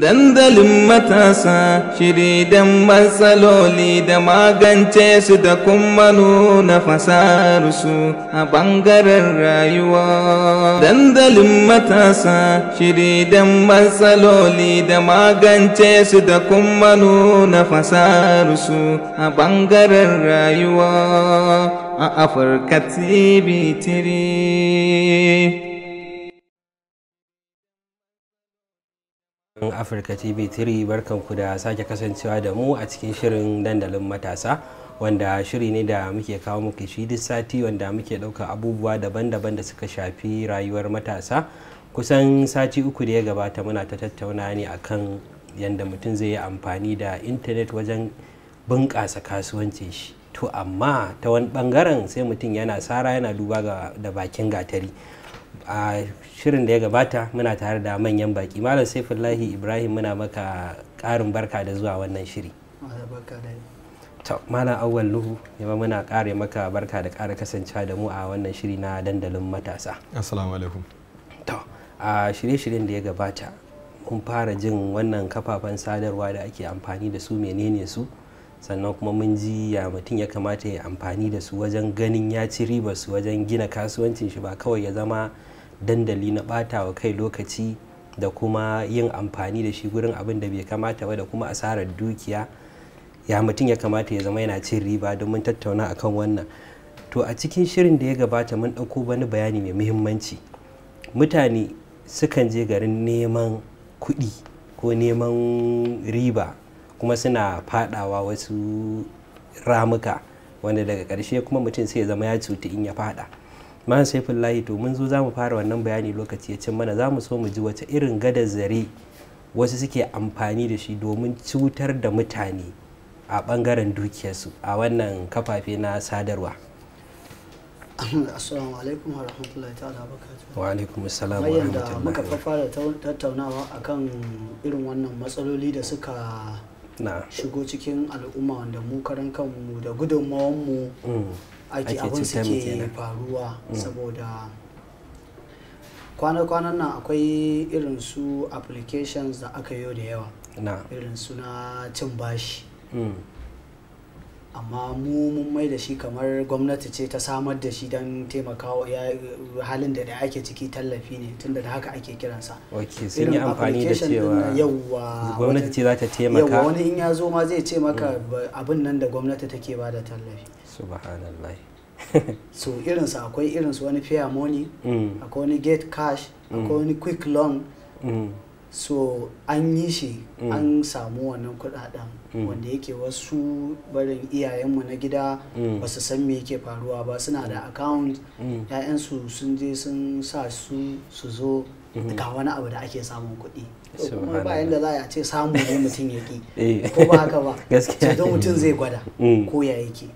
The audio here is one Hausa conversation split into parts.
Dandalin matasa shiri don matsaloli da magance su da kuma nuna fasararsu a bangaren rayuwa. Dandalin matasa shiri don matsaloli da magance su da kuma nuna fasararsu a bangaren rayuwa a Afirka TV 3 sauraron Africa TV 3 barkanku da sake kasancewa da mu a cikin shirin dandalin matasa wanda shiri ne da muke kawo muke shi duk sati wanda muke ɗauka abubuwa daban-daban da suka shafi rayuwar matasa kusan sati uku da ya gabata muna ta tattauna ne akan yadda mutum zai yi amfani da intanet wajen bunƙasa kasuwancin shi to amma ta wani bangaren sai mutum yana sara yana duba da bakin gatari a shirin da ya gabata muna tare da manyan baki malam saifullahi ibrahim muna maka karin barka da zuwa wannan shiri malam awwal luhu yaba muna kare maka barka da kara kasancewa da mu a wannan shiri na dandalin matasa assalamu alaikum a shirye-shiryen da ya gabata mun fara jin wannan kafafen sadarwa da ake amfani da su menene su sannan kuma mun ji ya mutum ya kamata ya amfani da su wajen ganin ya ci riba su wajen gina kasuwancin shi ba kawai ya zama dandali na ɓata wa kai lokaci da kuma yin amfani da shi gurin abin da bai kamata ba da kuma asarar dukiya ya mutum ya kamata ya zama yana cin riba don mun tattauna akan wannan to a cikin shirin da ya gabata mun ɗauko wani bayani mai muhimmanci mutane sukan je garin neman kuɗi ko neman riba kuma suna faɗawa wasu ramuka wanda daga ƙarshe kuma mutum sai ya zama ya cuta in ya faɗa. man saifin layi to mun zo za mu fara wannan bayani lokaci ya cin mana za mu so mu ji wace irin gada zare wasu suke amfani da shi domin cutar da mutane a bangaren dukiyarsu a wannan kafafe na sadarwa assalamu alaikum wa rahmatullahi ta'ala wa wa alaikum assalam wa rahmatullahi muka fara tattaunawa akan irin wannan matsaloli da suka shigo cikin al'umma wanda mu karan kanmu da gudunmawanmu mm. ake abin suke faruwa mm. saboda kwana-kwanan nan akwai irin su applications da aka yi da yawa irin su na cin bashi mm. amma mu mun mai da shi kamar gwamnati ce ta samar da shi don taimakawa halin da da ake ciki tallafi ne tunda da haka ake kiransa sun yi amfani da cewa gwamnati ce za ta taimaka yawa wani in ya zo ma zai ce maka mm. abin nan da gwamnati take ba da tallafi subhanallah so irinsu akwai irinsu wani fair money mm. akwai wani gate cash mm. akwai wani quick loan mm. so an yi shi an samu wannan kudaden wanda yake wasu barin iyayenmu na gida ba su san me yake faruwa ba suna da account ya'yansu sun je sun sa su su zo mm-hmm. ga wani abu da ake samun kuɗi kuma ba yadda za a ce samu ne mutum ya ki eh. ko ba haka ba don mutum zai gwada ko ya yake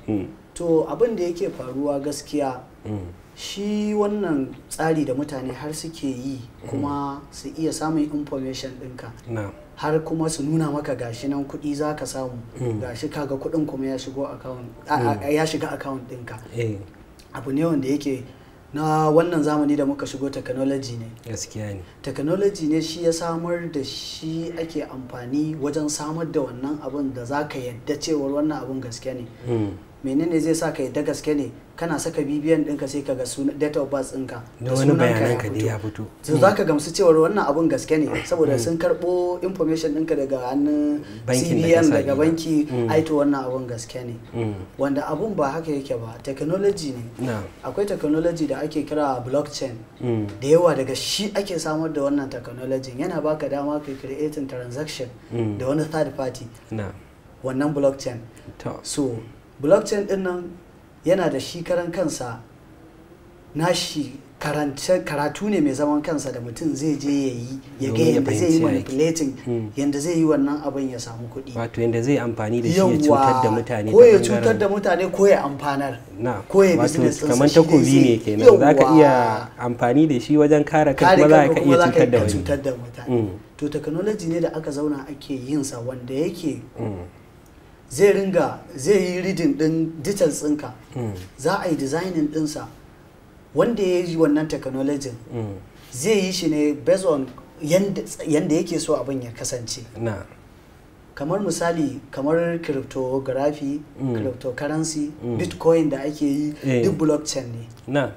to abin da yake faruwa gaskiya mm. shi wannan tsari da mutane har suke yi mm. kuma su iya samun information ɗinka har kuma su nuna maka gashi nan kuɗi za ka samu mm. gashi kaga kuɗin kuma ya shiga account ɗinka eh. abu ne wanda yake na wannan zamani da muka shigo technology ne gaskiya ne technology ne shi ya samar da shi ake amfani wajen samar da wannan abin da za ka yadda cewar wannan abin gaskiya ne menene zai sa ka yadda gaske ne kana saka bibiyan ɗinka sai ka ga data of birth ɗinka da wani bayanan ka ya fito to za ka gamsu cewar wannan abun gaske ne mm. saboda mm. sun karɓo information ɗinka daga hannun cbn daga banki mm. aito wannan abun gaske ne wanda abun ba haka yake ba technology ne akwai technology da ake kira blockchain da yawa daga shi ake samar da wannan technology yana baka dama ka creating transaction da wani third party wannan blockchain so blockchain din nan yana da shi karan kansa shi karatu ne mai zaman kansa da mutum zai je ya yi ya ga yadda zai yi manipulating hmm. yadda zai yi wannan abin ya samu kuɗi wato yadda zai amfani da shi ya cutar da mutane ko ya cutar da mutane ko ya amfanar ko ya business kamar takobi ne kenan za ka iya amfani da shi wajen kare kai kuma za ka iya cutar da mutane hmm. to technology ne da aka zauna ake yin sa wanda yake hmm. zai ringa zai yi reading din digital tsinka mm. za a yi designing ɗinsa wanda ya yi wannan technology mm. zai yi shi ne based on yanda yake so abin ya kasance kamar misali kamar cryptography mm. cryptocurrency bitcoin da ake yi eh. duk blockchain ne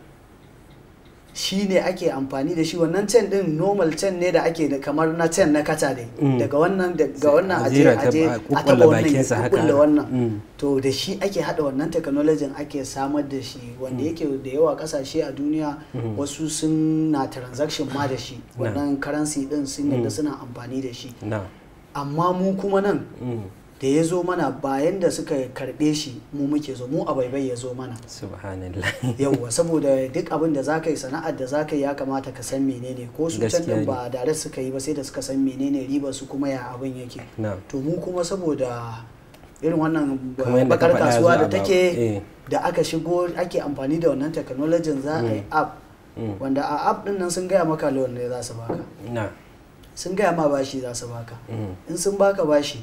shi ne ake amfani da shi wannan can din normal can ne da ake da kamar na can na kata ne mm. daga wannan daga wannan aje aje a taba wannan wannan mm. to da shi ake hada wannan technology ake samar da shi wanda mm. yake da yawa kasashe a duniya wasu sun na transaction ma da shi wannan currency din sun yadda suna amfani da shi amma mu kuma nan da ya zo mana bayan da suka karɓe shi mu muke zo mu a baibai ya zo mana subhanallah yawwa saboda duk abin da ka yi sana'ar da ka yi ya kamata ka san menene ko su can din ba da suka yi ba sai da suka san menene riba su kuma ya abin yake to mu kuma saboda irin wannan bakar kasuwa da take eh. da aka shigo ake amfani da wannan technology za a yi mm. app mm. wanda a app din nan sun gaya maka lawan ne za su baka sun gaya ma bashi za su baka mm. in sun baka bashi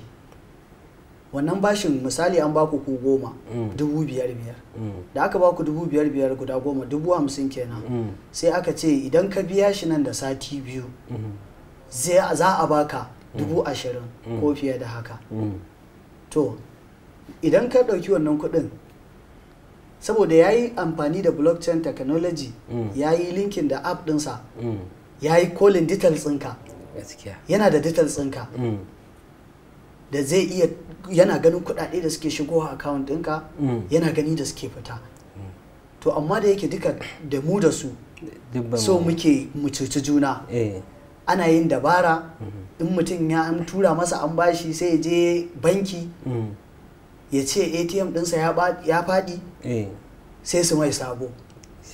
wannan bashin misali an baku ku goma mm. dubu biyar biyar mm. da aka baku dubu biyar biyar guda goma dubu hamsin kenan mm. sai aka ce idan ka biya shi nan da sati biyu mm-hmm. za a baka dubu ashirin ko fiye da haka to idan ka ɗauki wannan kuɗin saboda ya yi amfani da blockchain technology ya yi linkin da app ɗinsa ya yi calling details ɗinka yana da details ɗinka da zai iya yana ganin kuɗaɗe da suke shigo a account ɗinka mm. yana gani da suke fita to amma da yake duka da mu da su so muke mu cuci juna eh. ana yin dabara mm-hmm. in mutum ya an tura masa an bashi sai ya je banki mm. ya ce atm ɗinsa ya faɗi eh. sai su mai sabo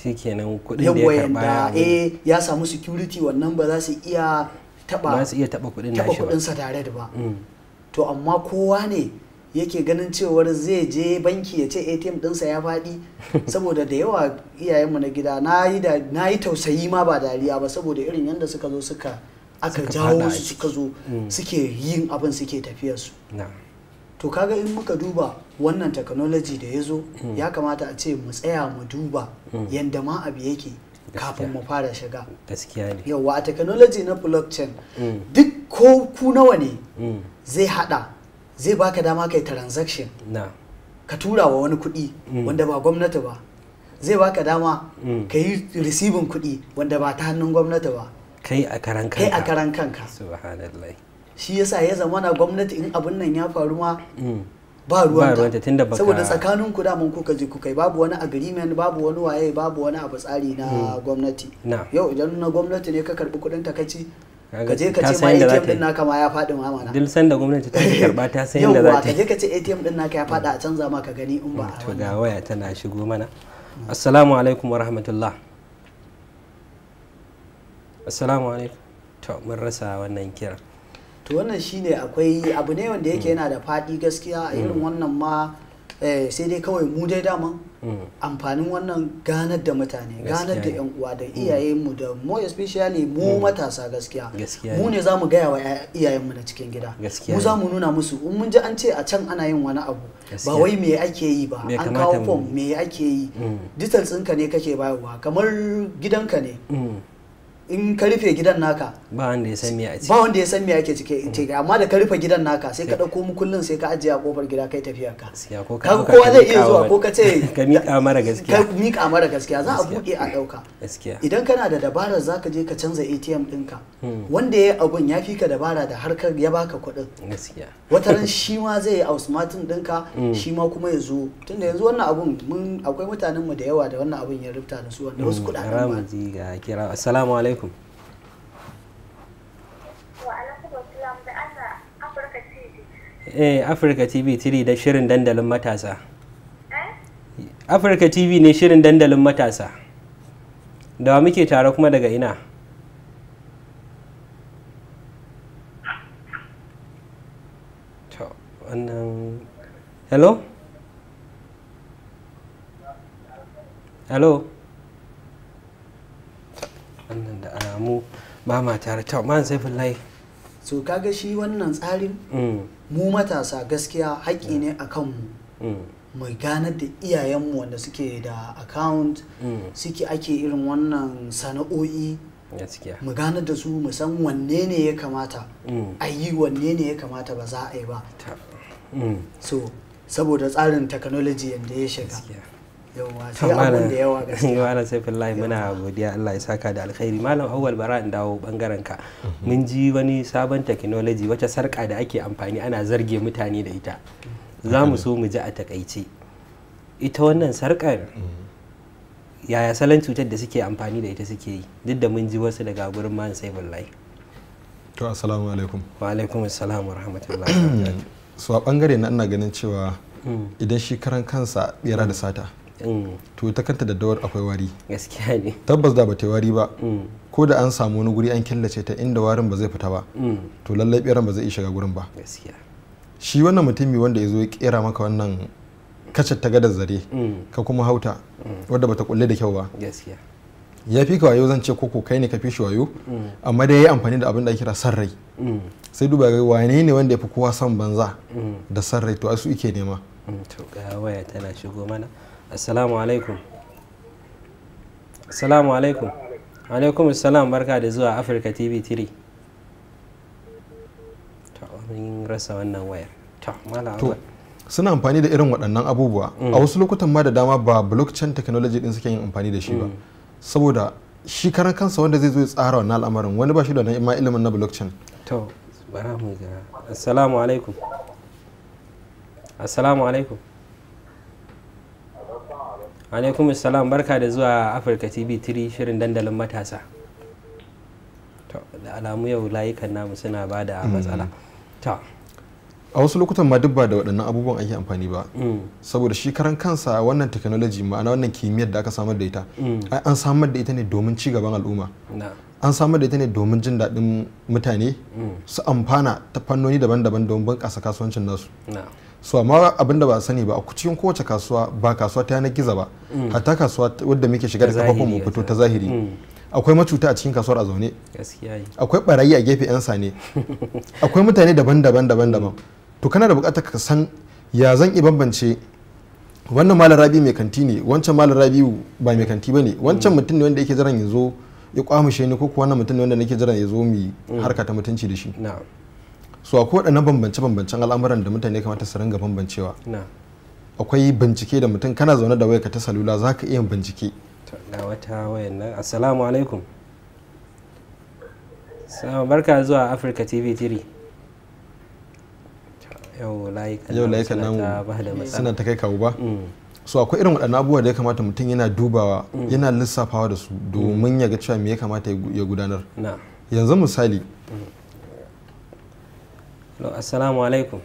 shi kenan kudin da ya karba eh ya samu security wannan ba za su iya taba ba su iya taba kudin nashi ba tare da ba mm. to amma kowa ne yake ganin cewar zai je banki ya ce atm dinsa ya faɗi saboda da yawa iyayenmu na gida na yi tausayi ma ba dariya ba saboda irin yadda suka zo suka aka jawo su suka zo mm. suke yin abin suke tafiyarsu to kaga in muka duba wannan technology da ya zo mm. ya kamata a ce mu tsaya mu duba mm. yadda ma abu yake kafin mu fara shiga gaskiya ne yawa a technology na blockchain duk ko ku nawa ne zai hada zai baka dama kai transaction ka tura wa wani kuɗi mm. wanda ba gwamnati ba zai baka dama mm. ka yi receiving kuɗi wanda ba ta hannun gwamnati ba kai a karan kanka kai a karan kanka subhanallah shi yasa ya zama na gwamnati in abin nan ya faru ma mm. ba ruwanta saboda tsakanin ku daman kuka je kuka babu wani agreement babu wani waye babu wani abu tsari na gwamnati yau idan na gwamnati ne ka karbi kudin takaici ka je ka ce ma ATM din naka ma ya faɗi ma mana duk sanda gwamnati ta karba ta san yadda za ta yi ka je ka ce ATM din naka ya faɗa a canza ma ka gani in ba to ga waya tana shigo mana assalamu alaikum wa rahmatullah assalamu alaikum to mun rasa wannan kira to wannan shine akwai abu ne wanda yake hmm. yana da faɗi gaskiya a irin hmm. wannan ma Eh, sai dai kawai mu dai dama mm. amfanin wannan ganar da mutane ganar da yan uwa da mm. iyayenmu da mu especially mu mm. matasa gaskiya mu ne za mu gaya wa iyayenmu na cikin gida mu za mu nuna musu in mun ji an ce a can ana yin wani abu ba wai me ake yi ba an kawo form me ake yi details ɗinka ne kake bayarwa kamar gidanka ne in ka rufe gidan naka ba wanda ya san me ake ba wanda ya san me ake cike ce amma da ka rufe gidan naka sai ka dauko mu kullun sai ka ajiye a kofar gida kai tafiyar ka ka kowa zai iya zuwa ko ka ce ka mika mara gaskiya ka mika mara gaskiya za a buke a dauka idan kana da dabarar zaka je ka canza ATM ɗinka hmm. wanda ya abun ya fi ka dabara da harkar ya baka kuɗin wata ran shi ma zai yi ausmatin dinka. Hmm. shi ma kuma ya zo tunda yanzu wannan abun mun akwai mutanen mu da yawa da wannan abun ya rubuta da su wanda wasu hmm. kuɗaɗen ba assalamu alaikum alaikum eh afirka tv tiri da shirin dandalin matasa eh? afirka tv ne shirin dandalin matasa da wa muke tare kuma daga ina wannan hello hello samu ba ma tare ta man so kaga shi wannan tsarin mm. mu matasa gaskiya haƙƙi ne a kanmu mm. mai ganar da iyayenmu wanda suke da account mm. suke ake irin wannan sana'o'i mu ganar da su mu san wanne ne ya kamata a yi wanne ne ya kamata ba za a yi ba so saboda tsarin technology yadda ya shiga yawa sai abun da yawa gaskiya malam saifullahi muna godiya Allah ya saka da alkhairi malam awwal bara in dawo bangaren ka mun ji wani sabon technology wacce sarka da ake amfani ana zarge mutane da ita za mu so mu ji a takaice ita wannan sarkar yaya salon cutar da suke amfani da ita suke yi duk da mun ji wasu daga gurin malam man saifullahi to assalamu alaikum wa alaikum assalam wa rahmatullahi wa barakatuh so a bangare na ina ganin cewa mm. idan shi karan kansa bera da sata Mm. to ita kanta daddawar akwai wari gaskiya ne tabbas da bata wari ba mm. ko da an samu wani guri an killace ta inda warin ba zai fita ba mm. to lallai ɓeran ba zai iya shiga gurin ba gaskiya shi wannan mutumi wanda ya zo ya kera maka wannan kacar ta gadar zare ka kuma hauta wadda bata kulle da kyau ba gaskiya ya fi ka wayo zan ce koko kai ne ka fi shi wayo amma dai ya yi amfani da abin da ake kira san sai duba ga wane ne wanda ya fi kowa son banza da san to asu su ike nema to ga waya tana shigo mana assalamu alaikum assalamu alaikum alaikum assalam barka da zuwa africa tv 3 mun rasa wannan wayar to suna amfani da irin waɗannan abubuwa mm. a wasu lokutan ma da dama ba blockchain technology din suke yin amfani da shi ba mm. saboda shi karan kansa wanda zai zo ya tsara wannan al'amarin wani ba shi da ma ilimin na blockchain to bara mu ga assalamu alaikum assalamu alaikum alaikum salam barka da zuwa afirka tv 3 shirin dandalin matasa da alamu yau layukan namu suna ba da mm. matsala a wasu lokutan ma duk ba da waɗannan abubuwan ake amfani ba mm. saboda shi karan kansa wannan technology ma'ana wannan kimiyyar da aka samar da ita mm. an samar da ita ne domin ci gaban al'umma an samar da ita ne domin jin daɗin mutane su amfana ta fannoni daban-daban don bunƙasa kasuwancin nasu su amma abinda ba sani ba a cikin kowace kasuwa ba kasuwa ta yanar gizo ba mm. hatta kasuwa wadda muke shiga da kafafun mu fito ta zahiri mm. akwai macuta a cikin kasuwar a zaune akwai barayi a gefe yan sane akwai mutane daban-daban daban-daban to kana da bukatar ka san ya zan iya bambance wannan malar rabi mai kanti ne wancan malar rabi ba mai kanti ba ne wancan mm. mutum ne wanda yake jiran ya zo ya kwamishe ni ko kuwa wannan mutum ne wanda nake jiran ya zo mu harka ta mutunci da shi so akwai waɗannan bambance-bambancen al'amuran da mutane kamata su ringa bambancewa akwai bincike da mutum kana zaune da waya ka ta salula za ka iya bincike ga wata wayan nan assalamu alaikum barka zuwa africa tv 3 yau layukan namu suna ta kai kawo ba mm. so akwai irin waɗannan abubuwa da ya kamata mutum yana dubawa mm. yana lissafawa da su domin mm. ya ga cewa me ya kamata ya gudanar yanzu misali assalamu alaikum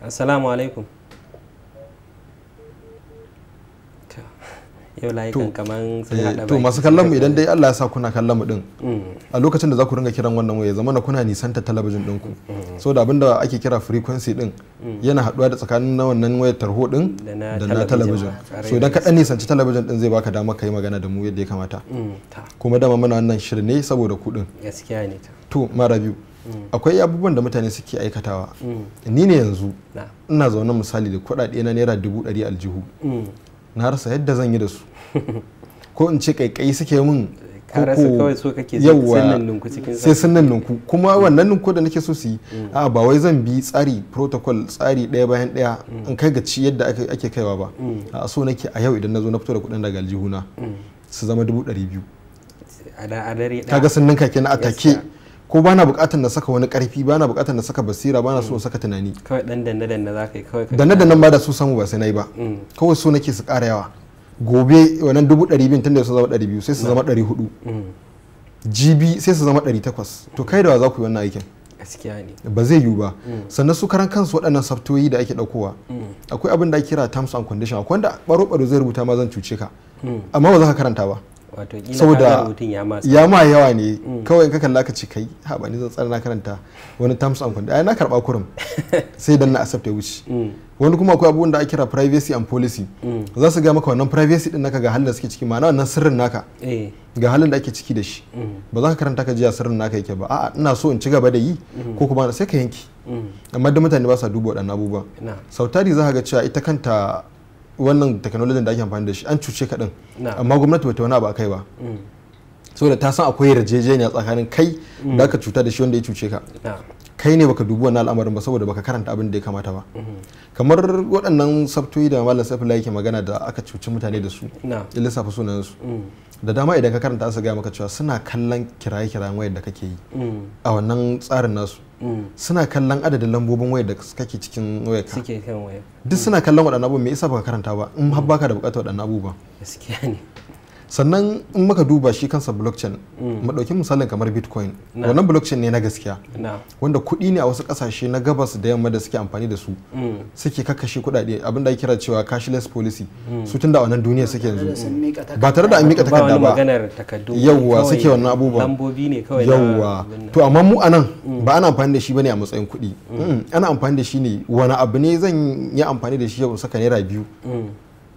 assalamu alaikum yau layukan kaman sun hada eh, to masu kallon mu idan dai Allah ya sa kuna kallon mu din mm. a lokacin da za ku ringa kiran wannan waya zamana kuna nisanta talabijin din ku so da abinda ake kira frequency din mm. yana haduwa da tsakanin na wannan wayar tarho din da na talabijin ah, so idan ka dan nisanci talabijin din zai baka dama kai magana da mu yadda ya kamata mm, kuma dama muna wannan shirin ne saboda ku din gaskiya ne to mara biyu akwai abubuwan da mutane suke aikatawa mm. ni ne yanzu ina zaune misali da kuɗaɗe na naira dubu ɗari aljihu mm. na rasa yadda zan yi da su ko in ce kaikai suke min sai sun nan ninku kuma mm. wannan ninku da nake so su yi a ba wai zan bi tsari protocol tsari ɗaya bayan ɗaya in kai gaci yadda ake kaiwa ba a so nake a yau idan na zo na fito da kuɗin daga aljihuna su zama dubu ɗari biyu kaga sun ninka kenan a take ko ba na bukatar na saka wani karfi ba na bukatar na saka basira ba na so saka tunani kawai dan danne danne za ka yi kawai danne danne ba da su samu ba sai na yi ba mm. kawai so nake su kara yawa gobe wannan dubu ɗari biyu tunda su zama ɗari biyu sai su zama ɗari hudu mm. gb sai su zama ɗari takwas to kai da za ku yi wannan aikin ba zai yiwu ba mm. sannan su karan kansu waɗannan saftoyi da ake ɗaukowa akwai abin da ake kira terms and condition akwai wanda baro baro zai rubuta ma zan cuce ka amma ba za ka karanta ba saboda ya ma yawa ne mm. kawai ka kalla ka ce kai haɓa ni zan tsara na karanta wani terms and conditions ai na karɓa kurum sai dan na accept ya wuce mm. wani kuma akwai abubuwan da ake kira privacy and policy mm. za su ga maka wannan privacy din naka ga halin da suke ciki ma'ana wannan sirrin naka eh. ga halin da ake ciki da shi ba za ka karanta ka jiya sirrin naka yake ba a'a ina so in ci gaba da yi ko kuma sai ka yanki amma da mutane ba sa duba waɗannan abubuwa sautari za ka ga cewa ita kanta wannan technology da ake amfani da shi an cuce ka din amma gwamnati bata wani abu kai ba mm. saboda ta san akwai yarjejeniya tsakanin kai mm. da aka cuta da shi wanda ya cuce ka kai ne baka dubi wannan al'amarin ba saboda baka karanta abin da ya kamata ba mm-hmm. kamar waɗannan sabtoyi da malam safila yake magana da aka cuci mutane da su ya lissafa sunan su mm. da dama idan ka karanta su gaya maka cewa suna kallon kiraye-kirayen wayar da kake yi a wannan tsarin nasu suna kallon adadin lambobin wayar da kake cikin wayar ka suke kan waya duk suna kallon waɗannan abubuwan me yasa baka karanta ba in har baka da bukatar waɗannan abubuwan gaskiya ne sannan in muka duba shi kansa blockchain mu misalin kamar bitcoin wannan blockchain ne na gaskiya wanda kuɗi ne a wasu ƙasashe na gabas da yamma da suke amfani da su mm. suke kakkashe kuɗaɗe abin da kira cewa cashless policy mm. su tun da wannan duniya suke yanzu ba tare da an miƙa takarda ba yawwa suke wannan abubuwa yawwa to amma mu anan mm. ba ana amfani da shi bane a matsayin kuɗi ana amfani da shi ne wani abu ne zan yi amfani da shi yau saka naira biyu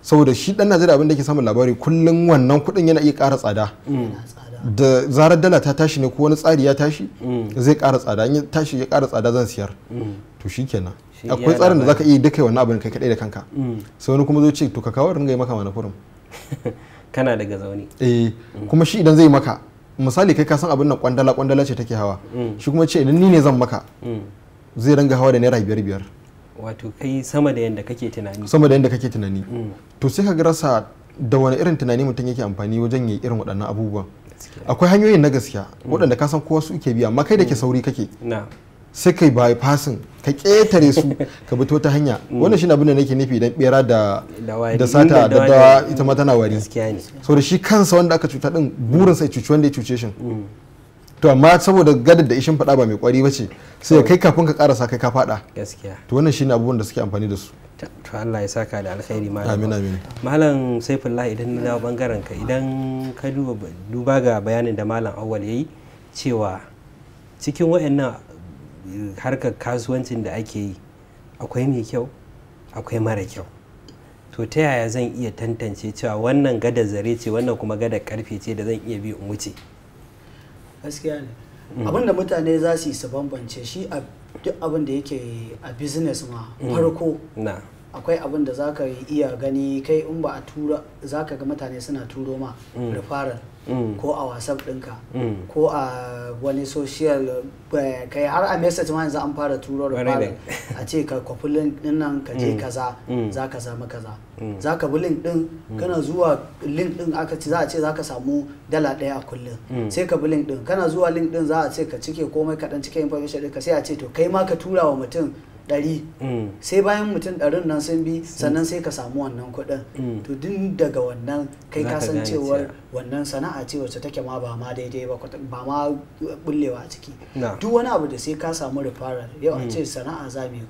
saboda shi dan najeriya abin da ke samun labari kullum wannan kuɗin yana iya ƙara tsada mm. da zarar dala ta tashi ne ko wani tsari ya tashi mm. zai ƙara tsada in ya tashi ya ƙara tsada zan siyar mm. to shikenan akwai tsarin da zaka iya duka wannan abin kai kadai da kanka sai wani kuma zo ce to ka kawo ringa yi maka mana furum kana daga zaune eh kuma shi idan zai maka misali kai ka san abin nan kwandala kwandala ce take hawa shi kuma ce idan ni ne zan maka zai ringa hawa da naira biyar biyar wato kai sama da yadda kake tunani sama da yadda kake tunani mm. to sai ka ga rasa da wani irin tunani mutum yake amfani wajen yi irin waɗannan abubuwan akwai hanyoyin na gaskiya mm. waɗanda ka san kowa su ke biya amma kai da ke mm. sauri kake sai kai fasin ka ketare su ka bi ta hanya wannan shine abin da nake nufi idan bera da da sata da dawa ita ma tana wari ne da shi kansa wanda aka cuta din burin sai cuci wanda ya cuce shi to amma saboda gadar da ishin faɗa ba mai kwari ba ce sai kai kafin ka karasa kai ka faɗa gaskiya to wannan shine abubuwan da suke amfani da su to Allah ya saka da alkhairi malam amin amin malam saifullahi idan na dawo bangaren ka idan ka duba duba ga bayanin da malam awwal yayi cewa cikin wayannan eh, harkar kasuwancin da ake yi akwai mai kyau akwai mara kyau to ta yaya zan iya tantance cewa wannan gada zare ce wannan kuma gada karfe ce da zan iya bi in wuce gaskiya ne mm. abin da mutane za su yi su bambance shi duk abin da yake a business ma mm. farko akwai abin da zaka iya gani kai in ba a tura zaka ga mutane suna turo ma mm. referral mm. ko a whatsapp ɗinka mm. ko a wani social eh, kai har a message ma yanzu an fara turo referral a ce ka kwafi link din nan ka je kaza za ka samu kaza za ka bi link din kana zuwa link din aka ce za a ce za ka samu dala ɗaya a kullum sai ka bi link din kana zuwa link din za a ce ka cike komai ka dan cike information ɗin ka sai a ce to kai ma ka tura wa mutum ɗari mm. sai bayan mutum ɗarin nan sun bi mm. sannan sai ka samu wannan kuɗin mm. to duk daga wannan kai ka san cewar wannan sana'a ce wacce take ma ba ma daidai ba ba ma bullewa a ciki duk wani abu da sai ka samu referral yau a ce sana'a za mu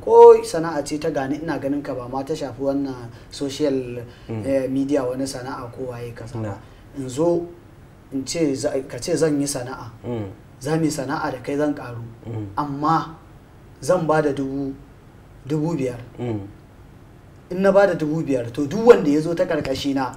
ko sana'a ce ta gani ina ganin ka ba ma ta shafi wannan social eh, media wani sana'a ko waye ka in zo ce ka ce zan yi sana'a za mu yi sana'a da kai zan karu amma zan ba da dubu biyar mm. in na ba da dubu biyar to duk wanda ya zo ta karkashi na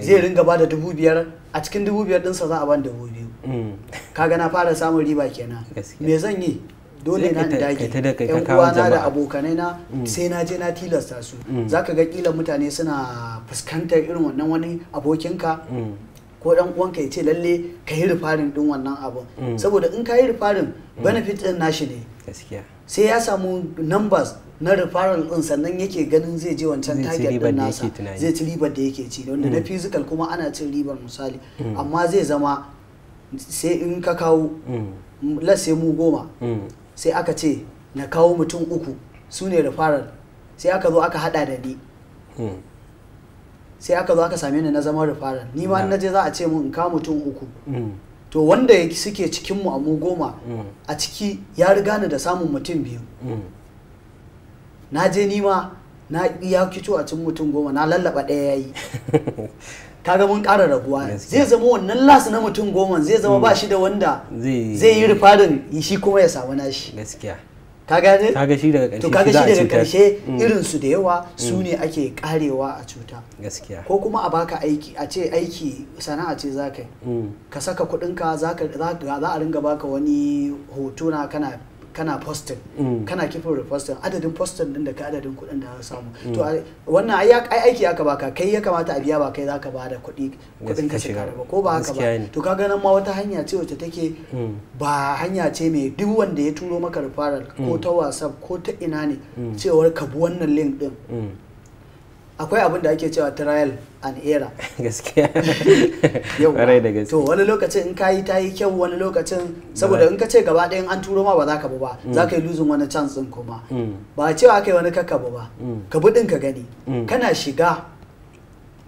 zai ringa ba da dubu biyar a cikin dubu biyar dinsa za a ban dubu biyu mm. kaga na fara samun riba kenan me zan yi dole na dage yan uwana da abokanai na mm. sai na je na tilasta su zaka ga kila mutane suna fuskantar irin wannan wani abokinka ko dan uwanka ya ce lalle ka yi rifarin din wannan abu mm. saboda in ka yi rufarin mm. benefit din nashi ne gaskiya sai ya samu numbers na rufarin din sannan yake ganin zai je wancan target din nasa zai ci ribar da yake ci wanda na mm. physical kuma ana cin ribar misali amma zai zama sai in ka kawo las sai mu goma sai aka ce na kawo mutum uku su ne sai aka zo aka hada da ni sai aka zo aka same ni na zama rufarar ni ma na je za a ce mun in ka mutum uku mm. to wanda suke cikin mu a mu goma mm. a ciki ya riga ni da samun mutum biyu mm. na je ni ma na ya kito a cikin mutum goma na lallaba ɗaya yayi kaga mun ƙara raguwa zai zama wannan las na mutum goma zai zama ba shi da wanda zai yi rufarin shi kuma ya samu nashi gaskiya ka gane kaga shi daga karshe to kaga shi daga karshe mm. irin su da yawa mm. su ne ake karewa a cuta gaskiya ko kuma a baka aiki a ce aiki sana'a ce zaka mm. ka saka kuɗinka za a ringa baka wani hoto na kana kana postin mm. kana kifin repostin adadin postin din da ka adadin kuɗin da ka samu mm. to wannan ai aiki aka baka kai ya kamata a biya ba kai zaka bada kuɗi kuɗin ka shiga ba ko ba haka ba to ka ganin ma wata hanya ce wacce take mm. ba hanya ce mai duk wanda ya turo maka referral ko ta whatsapp ko ta ina ne cewar ka bi wannan link din akwai abin da ake cewa trial and error gaskiya yau to wani lokacin in yi ta yi kyau wani lokacin saboda in ka ce gaba ɗayan an turo ma ba za ka bi ba mm. za ka yi luzin wani chance din kuma mm. ba cewa kai wani kakka ba ba mm. ka bi din ka gani kana shiga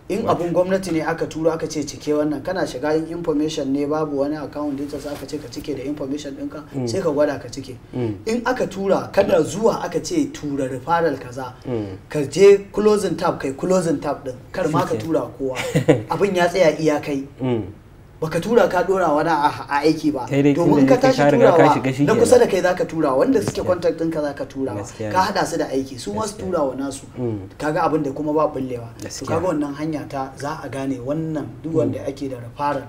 in abun gwamnati ne aka tura aka ce cike wannan kana shiga yin information ne babu wani account details aka ce ka cike da information ɗinka mm. sai ka gwada ka cike mm. in aka tura kada zuwa aka ce tura referral kaza mm. ka je closing tab kai closing tab din kar ma ka tura kowa abin ya tsaya iya kai. baka tura ka dora wani a aiki ba domin ka tashi turawa na kusa da kai zaka tura wanda suke contact ɗinka zaka tura ka hada su da aiki su masu wa nasu mm. kaga abin da kuma ba bullewa to kaga wannan hanya ta za a gane wannan duk wanda mm. ake da rafara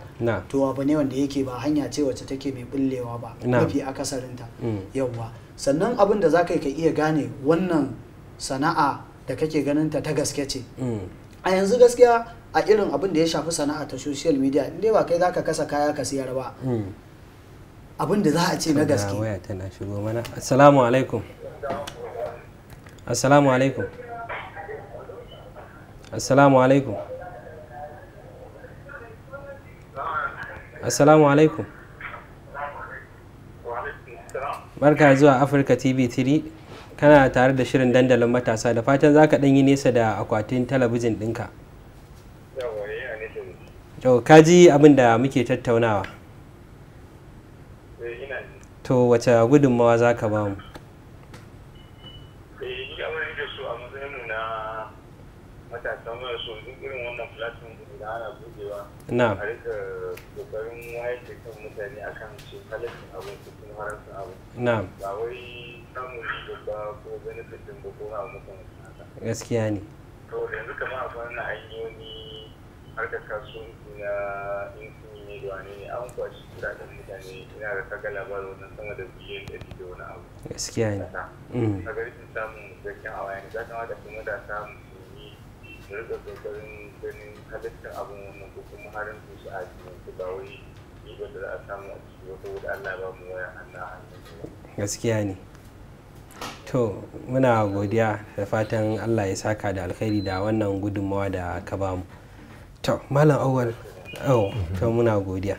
to abu ne wanda yake ba hanya ce wacce take mai bullewa ba mafi akasarinta mm. yawwa sannan abin da zaka yi ka iya gane wannan sana'a da kake ganin ta ta gaske ce a yanzu gaskiya a irin abin da ya shafi sana'a ta social media in dai ba kai zaka kasa kaya ka siyar ba hmm. abin da za a ce na gaske waya tana shigo mana assalamu alaikum assalamu alaikum assalamu alaikum assalamu alaikum barka zuwa afirka tv 3 kana tare da shirin dandalin matasa da fatan zaka ka ɗanyi nesa da akwatin talabijin ɗinka to kaji abin da muke tattaunawa eh, to wace gudunmawa za ka ba mu eh, na kokarin wayar da kan mutane akan su halittar abin su kuma haramta abu. na ba wai samun ba ko din ba ko gaskiya ne to yanzu kamar a wannan hanyoyi harkar kasuwanci na ne da wani mutane ina da da biliyan abu gaskiya ne a mm. garin samun gaskiya ganin halittar abin wannan ko ne to muna godiya da fatan allah ya saka da alkhairi da wannan gudunmawa da ka bamu to malam awal ta to muna godiya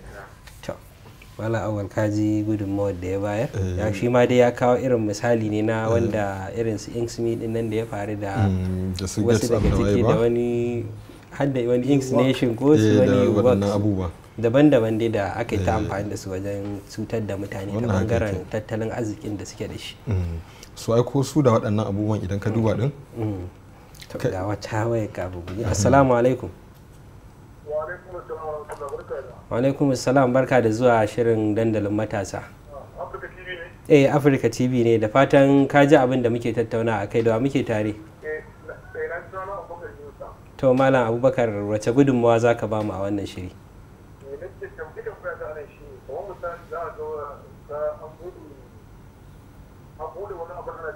wala awal kaji gudunmawar da ya bayar ya eh. shi ma dai ya kawo irin misali ne na wanda eh. irin su inksmi din nan da ya faru da mm, wasu daga ciki da wani hadda wani nation ko su eh, wani works daban-daban dai da aka yi ta amfani da su wajen cutar da mutane ta bangaren tattalin arzikin da suke da shi mm. su aiko su da waɗannan abubuwan idan ka duba mm. din ga wata waya ka bugu assalamu alaikum alaikum salam barka da zuwa shirin dandalin matasa eh afirka tv ne da fatan ka ji abin da muke tattauna a kai da muke tare to malam abubakar wace gudunmawa za ka ba mu a wannan shiri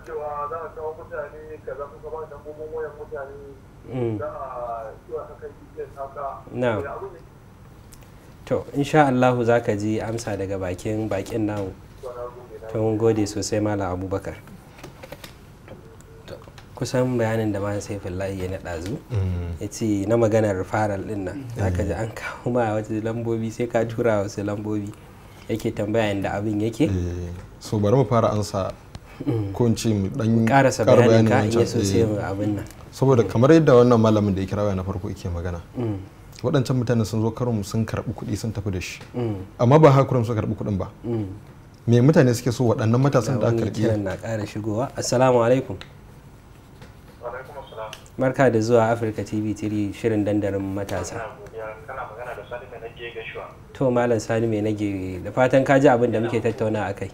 cewa mm. za a mutane kaza kuka ba da wayan mutane za a haka haka to insha allahu za ka ji amsa daga bakin bakin namu tun gode sosai mala abubakar kusan bayanin da ma sai fillahi ya naɗa zu mm. ya ce na maganar faral ɗin nan za ka ji an mm. kawo ma wata lambobi sai ka tura wasu lambobi yake tambaya inda abin yake eh, so bari mu fara ansa mm. ko in ce mu dan karasa bayanin ka in ya sai eh. abin nan saboda kamar yadda wannan malamin da ya kira na farko yake magana waɗancan mutane sun zo karon sun karɓi kuɗi sun tafi da shi mm. amma ba haka kurum su karɓi kuɗin ba mm. me mutane suke so waɗannan matasan da aka karɓi kiran na ƙara shigowa assalamu alaikum barka da zuwa afirka tv tiri shirin dandarin matasa to malam sani mai nage da fatan kaji ji abin da muke tattauna a kai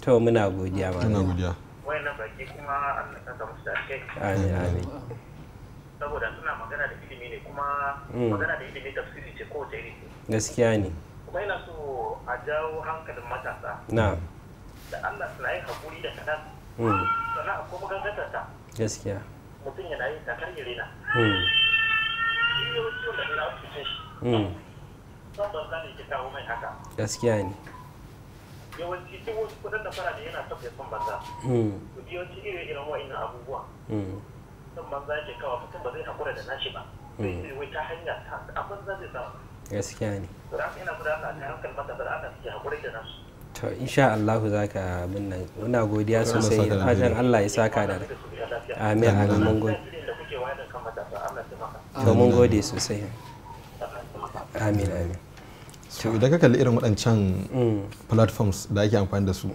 to muna godiya ma muna godiya wayannan baki kuma Allah ka musu da kai amin amin saboda suna magana da ilimi ne kuma mm. magana da ilimi tafsiri ce kowace iri gaskiya ne kuma yana so a jawo hankalin matasa na da Allah suna yin hakuri da kadan mm. sana a kuma gangatar ta gaskiya mutum yana yin ta kar yare na gaskiya ne yawanci duk wasu kudin da fara da yana tafiya son banza mm. yawanci iri irin wa'in abubuwa kudin za ke kawo mutum ba zai hakura da nashi ba zai wai ta hanya ta abin zai samu gaskiya ne to da ina gudana ta hankali mata da ana suke hakura da nasu to insha Allah za ka abin nan muna godiya sosai da fatan Allah ya saka da amin a mun gode to mun gode sosai amin amin so idan ka kalli irin waɗancan platforms da ake amfani da su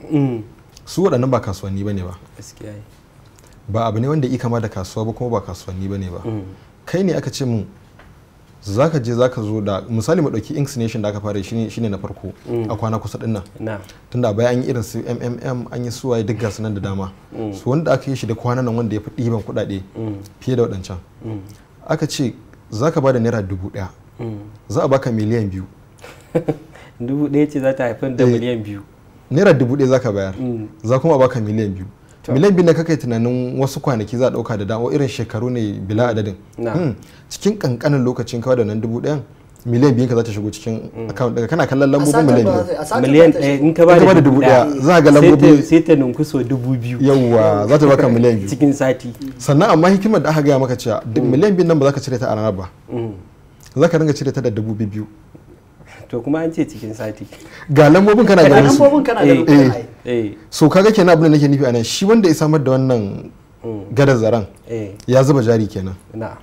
su waɗannan ba kasuwanni ba ne ba ba abu ne wanda i kama da kasuwa ba kuma ba kasuwanni ba ne ba mm. kai ne aka ce za zaka je zaka zo da misali mu dauki inks nation da aka fara shi shine na farko mm. a kwana kusa din nan tunda baya an yi irin su mmm an yi suwaye duk gasu nan da dama mm. su wanda aka yi shi da kwana nan wanda ya fi ɗiban kuɗaɗe fiye da waɗancan aka ce zaka ba da naira dubu ɗaya za a baka miliyan biyu dubu ɗaya ce za ta haifar da eh, miliyan biyu naira dubu ɗaya zaka bayar za kuma a baka miliyan biyu miliyan biyu na kakai tunanin wasu kwanaki za a ɗauka da dama irin shekaru ne bila adadin hmm. cikin kankanin lokacin kawai da nan dubu ɗayan miliyan biyu ka za ta shigo cikin hmm. account daga kana kallon lambobin miliyan biyu miliyan ɗaya in ka ba da dubu ɗaya za ga lambobin sai ta nunkuso dubu biyu yawwa za ta baka miliyan biyu cikin sati sannan amma hikimar da aka gaya maka cewa hmm. miliyan biyu nan ba za ka cire ta a ranar ba za ka ringa cire ta da dubu biyu to kuma an ce cikin sati ga lambobin kana ga su lambobin kana ganin eh, su eh. eh. so kaga kenan abin da nake nufi anan shi wanda ya samar da wannan mm. gadar zaren ya zuba jari kenan na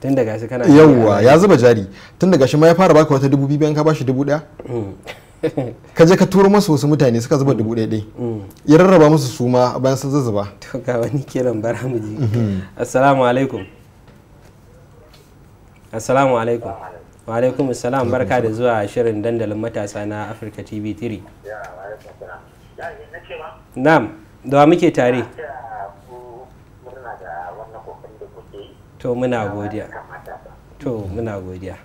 tun daga shi kana yawwa ya zuba jari tun daga shi ma ya fara baka wata dubu biyu an ka bashi dubu daya mm. ka je ka turo masa wasu mutane suka zuba mm. dubu ɗaya dai ya rarraba musu su ma bayan sun zuzzuba to ga wani kiran bara mu ji mm-hmm. assalamu alaikum assalamu alaikum wa alaikum salam barka da zuwa shirin dandalin matasa na afirka tv 3 na'am da muke tare to muna godiya to muna godiya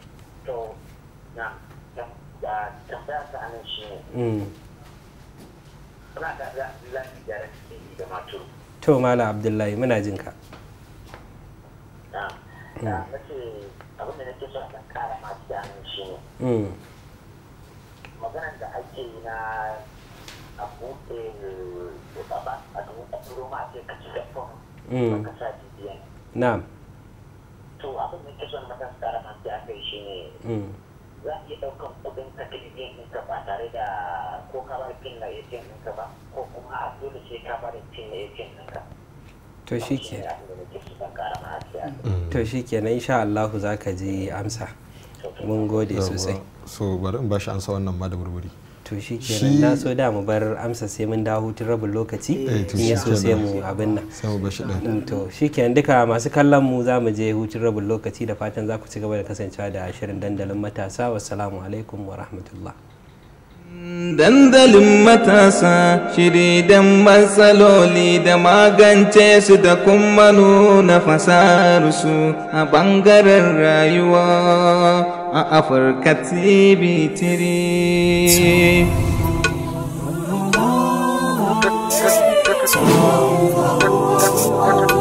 mm. to mala abdullahi muna jinka Mm. maganar da ake na a buɗe da baba a dubu a turo ce ka ci da fom mm. ka sa bibiyan Na. to abin da ke son mata tsara ma ta kai shi ne mm. za a iya ɗaukan kuɗin ka bibiyan ɗinka ba tare da ko ka bar pin na ATM ɗinka ba ko kuma a dole sai ka bar pin na ATM ɗinka to shi ke to shi kenan insha Allah za ka ji amsa mun gode sosai so bari in shi ansa wannan ma da to shi kenan na so da mu bar amsa sai mun dawo hutun rabin lokaci eh, in ya so sai mu abin nan sai mu bashi din mm, to shi kenan duka masu kallon mu za mu je hutun rabin lokaci da fatan za ku ci gaba da kasancewa da shirin dandalin matasa wassalamu alaikum wa rahmatullah dandalin matasa shiri dan matsaloli da magance su da kuma nuna fasararsu a bangaren rayuwa a afirka tv tiri Oh,